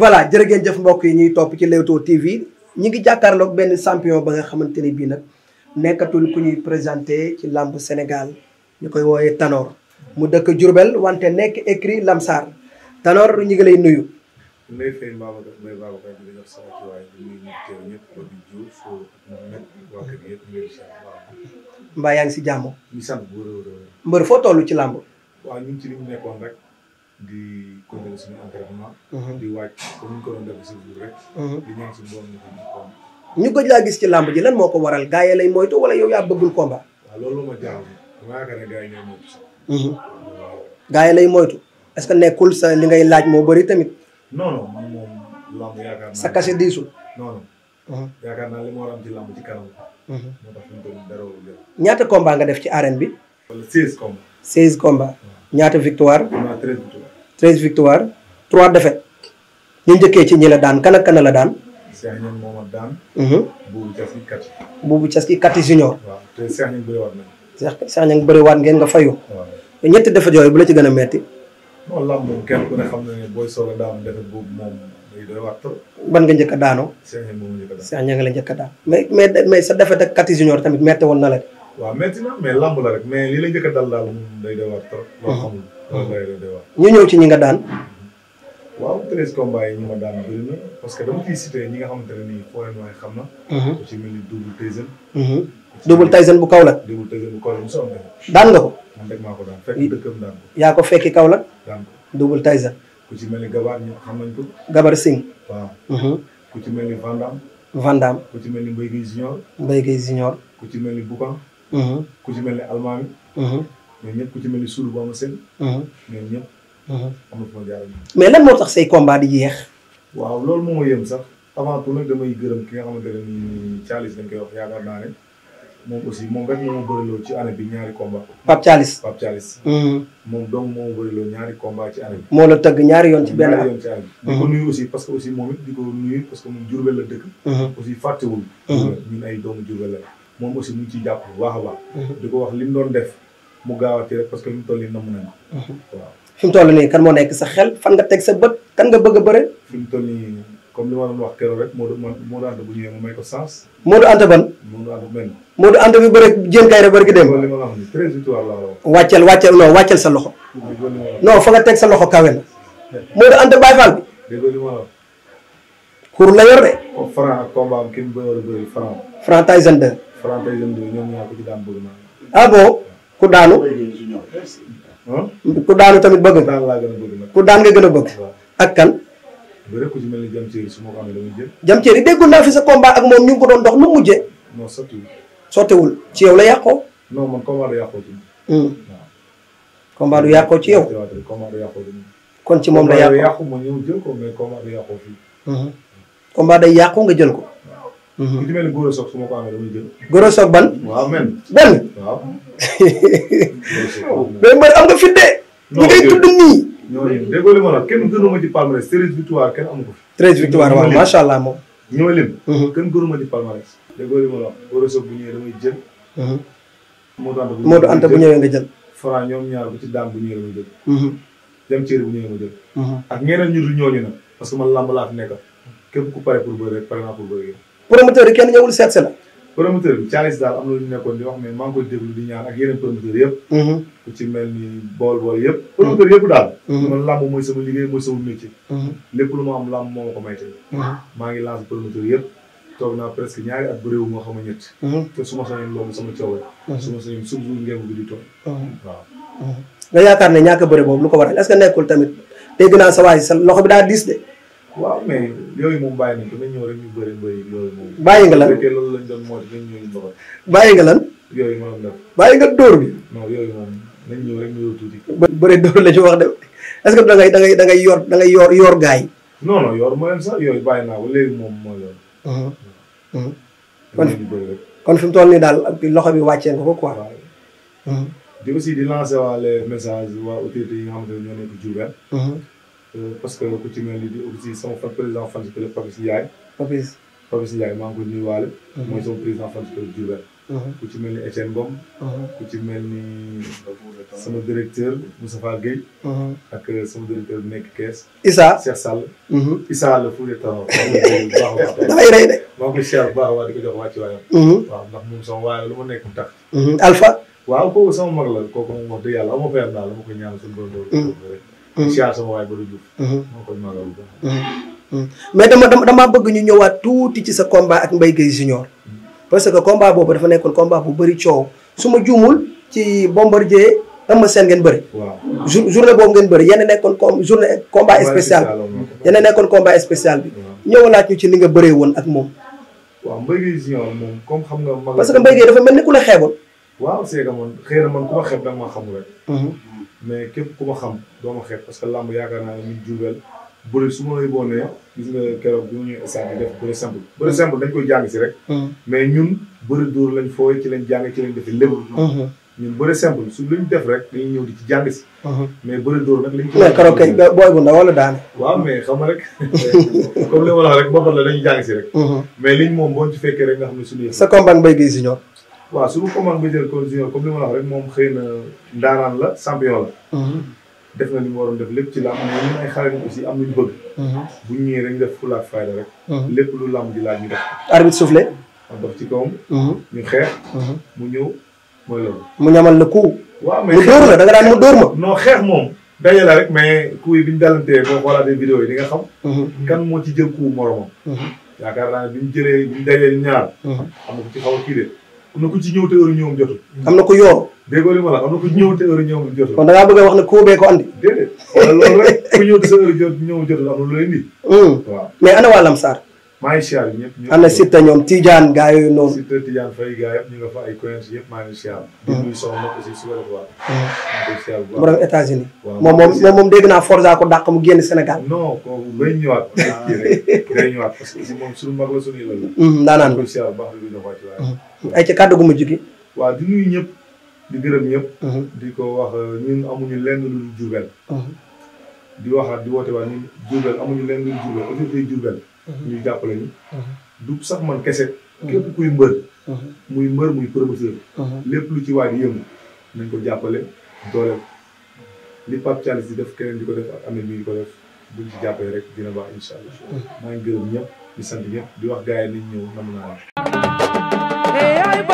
voilà jërë ngeen jëf mbokk yi ñuy topp ci Leewtoo TV ñi ngi jàkkaarlook benn champion ba nga xamante ni bii nag nekkatul ku ñuy présenté ci làmb Sénégal ñu koy wooyee Tanor mu dëkk Diourbel wante nekk écrit Lamsar Tanor ñu ngi lay nuyu. may fay Mbaba daf ngi si jàmm. ñu sant bu mbër foo toll ci làmb. waaw di continuer suñu entraînement. Uh-huh. di wàcc ni ko doon defee suñu rek. Uh-huh. di ñaan ko ñu combat. ñu gëj laa gis ci làmb ji lan moo ko waral gars yi lay moytu wala yow yaa bëggul combat. waaw loolu yi ñooy moytu sax. Uh-huh. que nekkul sa li ngay laaj moo bëri tamit. non non man moom làmb yaakaar sa cachet diisul. a am ci làmb ci ñaata combat nga def ci arène bi. wala seize combat. ñaata victoire. treize victoires trois défaites ñu njëkkee ci ñi la daan kan ak kan la daan. Cheikh Niang moom a daan. Mhm. Boubou Thiaski Kati. Boubou Thiaski Kati junior. waaw te Cheikh Niang bëriwaat nañu. Cheikh Niang bëriwaat ngeen nga fayu. ñetti défaites yooyu bu la ci gën a metti. non lamb moom kenn booy soog a daan défaite boobu moom ban nga njëkk daano daanoo. Cheikh Niang la njëkk a daan mais mais sa defet ak Kati junior tamit metti woon na la. waaw métti na mais làmb la rek mais li la njëkk a dal daal day doy waar trop. Uh-huh. loo ñëw ci ñi nga daan. waaw treize combats yi ñu daan parce que dama ciy cité ñi nga xamante ne nii foo waaye xam na. Uh-huh. ku ci mel ni double Tyson. Uh-huh. double Tyson bu Kaolack. double Tyson bu Kaolack mosoo am def. daan nga ko. man rek maa ko daan yaa ko fekki Kaolack. daan ko mel ni Gabar ñu xam nañ ko. Gabar Singh. waaw. ku ci mel ni Vandam. Vandam. ni Mbaye Guèye Junior. Mbaye Guèye Junior. Mm-hmm. ku ci mel ni almaami. Mm-hmm. ñoom ñëpp ku ci mel ni suudu bu am mm-hmm. ñëpp. am na mais lan moo tax say combat di yéex. waaw loolu moo ma yëm sax avant tout nag damay gërëm ki nga xamante ne nii Thialis dañ koy wax yaakaar naa ne moom aussi moom rek moo ma bëriloo ci année bi ñaari combat. Pape Thialis Pape Thialis. moom moo ma bëriloo ñaari combat ci moo la tëgg ñaari yoon ci benn ñaari yoon ci bi. di ko nuyu aussi parce que aussi moom it di ko nuyu parce que moom Jurbel la dëkk. aussi fàttewul. ñun ay doomu Jurbel la. moom aussi mu ngi ciy jàpp bu a baax. Mhm. ko wax li mu doon def mu gaawati rek parce que li mu toll nii namm nañu. Mhm. waaw fi nii kan moo nekk sa xel fan nga teg sa bët kan nga bëgg a bëre. fi nii comme li ma doon wax keroog rek Modou Modou Anta bu ñëwee mu may ko sens. Modou Anta ban. Modou Anta benn. Modou Anta bi bëre jën kay rek bëri ki dem. loolu li ma la wax sa loxo. non fa nga teg sa loxo kawe na. Modou Anta Baye Fall bi. la yor de. Franc ak combat Francaise Ndoye ñoom ñaar ko ci daan bëgg naa. ah ku daanu. ku daanu tamit bëgg daan laa gën a bëgg nag. ku daan nga gën a bëgg. ak kan. bëri ku Jam Thierry su ma ko amee damay jël. Jam naa fi sa combat ak moom ñu ngi ko doon dox nu mu mujjee. non sottiwul. sottiwul ci yow la yàqoo. non man combat du yàqoo ci moom. Hmm. waaw. ci yow. combat du yàqoo kon ci moom la yàqoo combat du yàqu ma ñëw jël ko mais hmm. day yàqu nga jël ko. li mhm. ci mel ni góor soog su ma ko amee damay jël. góor soog ban. waaw men benn. waaw. mais man am nga fit de. ñi ngay tudd nii. ñooñu déggoo li ma la kenn gënuma ci palmarès treize victoire kenn amu ko fi. treize victoire waaw macha allah moom. ñoo lim. Mhm. kenn gënuma ci palmarès. déggoo li ma la wax bu ñëwee damay jël. Mhm. Modou Anta bu ñëwee nga jël. Franc ñoom ñaar bu ci daam bu ñëwee ma jël. dem Thierry bu ñëwee ma jël. ak ñeneen ñu ñooñu nag parce que man làmb laa fi nekkal promoteur yi kenn ñëwul seet si la. promoteur bi Thialis daal am na lu ñu nekkoon di wax mais maa koy déglu di mm-hmm. ni bool yëpp. daal. Mm-hmm. man mm-hmm. lu ma am làmb moo ma ko may tamit. maa ngi lancé promoteur yëpp toog naa presque ñaari at bëréewu moo xam a ñett. te su ma sañoon loolu sama coow la. su ma sañoon suuf suuf a que nekkul tamit dégg naa sa waay loxo bi daa diis de. waaw mais yooyu moom bàyyi nañ ko dañ ñëw rek ñu bëri bëri yooyu moom. bàyyi nga lan bu fekkee loolu lañ doon moytu dañ ñëw ñu doxal. bàyyi nga lan. yooyu moom la. bàyyi nga dóor bi. non yooyu moom nañ ñëw rek ñu yor tuuti. bëri dóor la ci wax de est-ce que da ngay da ngay da ngay yor da ngay yor yor gaa yi. non non yor moo leen sax yooyu bàyyi naa ko léegi moom moo yor. Uh-huh, uh-huh. kon kon fi mu toll nii daal loxo bi wàccee nga ko quoi. Uh-huh. di aussi di lancer waa les messages waa autorités yi nga xamante ne ñoo nekk Diourbel Euh, parce que ku ci mel ni di aussi sama fan président fan club Papis Ndiaye. Papis Papis Ndiaye maa ngi ko nuyuwaale. Uh-huh. mooy sama président fan club Diourbel. Uh-huh. ku ci mel ni Etienne Ngom. Uh-huh. ku ci mel ni sama directeur Moustapha Guèye. ak euh, sama directeur bu nekk Kees. Issa Cheikh Sall. Issa la fu de taw. dafay rey de. maa ngi koy siyaar bu baax a baax di ko jox wàcc waayam. waaw ndax moom sama waay lu ma nekk mu tax. Alpha. waaw kooku sama mag la kooku moom wax dëgg yàlla amoo fayam daal la ma koy ñaanal suñu doon doon. Mmh. siyaar mmh. mmh. sama mais dama dama bëgg ñu ñëwaat tuuti ci sa combat ak Mbaye Guèye Junior. parce que combat boobu dafa nekkoon combat bu bëri coow su ma juumul ci Bombardier Eumeu Sène ngeen bëri. waaw jour journée boobu ngeen bëri yenn nekkoon com journée combat spécial. yenn nekkoon combat spécial bi. ñëwalaat ñu ci li nga bëree woon ak moom. waaw Mbaye Guèye Junior moom comme xam nga. parce que Mbaye Guèye dafa mel ni ku la xeeboon. waaw man xëy xeeb da nga mais képp ku ma xam doo ma xeeb parce que làmb yaakaar naa ne ñun juubel bëri su ma lay nga keroog bi ma ñëw instant bi def bëri simple bëri simple dañ koy jàng si rek hmm. mais ñun bëri dóor lañ fooy ci lañ jàng ci lañ defi lépp hmm. Hmm. ñun bëri def rek dañuy ñëw di ci jàng si nag lañ ko keroog kay booy bu waaw mais xam rek comme li ma la wax rek boppam la dañuy jàng si rek mais liñ moom boo fekkee rek nga xam ne suñu sa combat bay gay si ñor waaw su ma commande ba jël Cole comme li ma la wax rek moom xëy na ndaanaan la champion la. Mhm. def na li mu waroon def lépp ci làmb mais ñun ay xale ñu aussi am nañu bëgg. Mhm. bu ñu ñëwee dañu def fulla ak fayda rek. Mhm. lépp lu làmb di laaj ñu def. arbitre soufflé. ma ci kawam. ñu xeex. mu ñëw mooy loolu. mu ñamal la coup. waaw mais mu dóor la da daan mu dóor ma. non xeex moom. daje la rek mais ku yi bi ñu dalantee boo xoolaatee vidéo yi di nga xam. kan moo ci jël coup moromam. yaakaar naa ne jëlee bi ñu dajee ñaar. am na ko ci xaw a am na ku ci ñëw te heure ñëwam na ku yor. déggoo li ma la am na ku ñëw te heure ñëwam jotul. kon da a wax ko andi. déedéet wala hmm. ana waa Lamsaar. maa ngi siyaar ñëpp. ñëpp ana Sita ñoom Tidiane gaa yooyu noonu. Sita Tidiane Faye gaa yëpp ñu nga fa ay coins yëpp maa ngi siyaar. Mm-hmm. di nuyu sama mbokk aussi su ko def waa. maa ngi siyaar bu baax mu dem États-Unis. waaw moom moom moom dégg naa Forza ko dàq mu génn Sénégal. non kooku ngay ñëwaat. ngay ñëwaat parce que moom suñu mag la suñu yële la. Mm-hmm, daanaan ko siyaar bu baax di jox wàccuwaay. Mm-hmm. ay ci kàddu gu mujj gi. waaw di nuyu ñëpp di gërëm ñëpp. di ko wax euh, ñun amuñu lenn lu Jurbel. di waxaat di woote waa ñun Jurbel amuñu lenn lu Jurbel autorité Jurbel Mhm. ñu jàppale ñu. Mhm. du sax man kese. Mhm. képp kuy mbër. muy mbër muy promoteur. lépp lu ci waay di yëngu nañ ko jàppale doole li Pape Thialis di def keneen di ko def ak Amel mi di ko def buñ ci jàppale rek dina baax incha allah. maa ngi gërëm ñëpp di sant ñëpp di wax gars yi nañ ñëw nam naa la.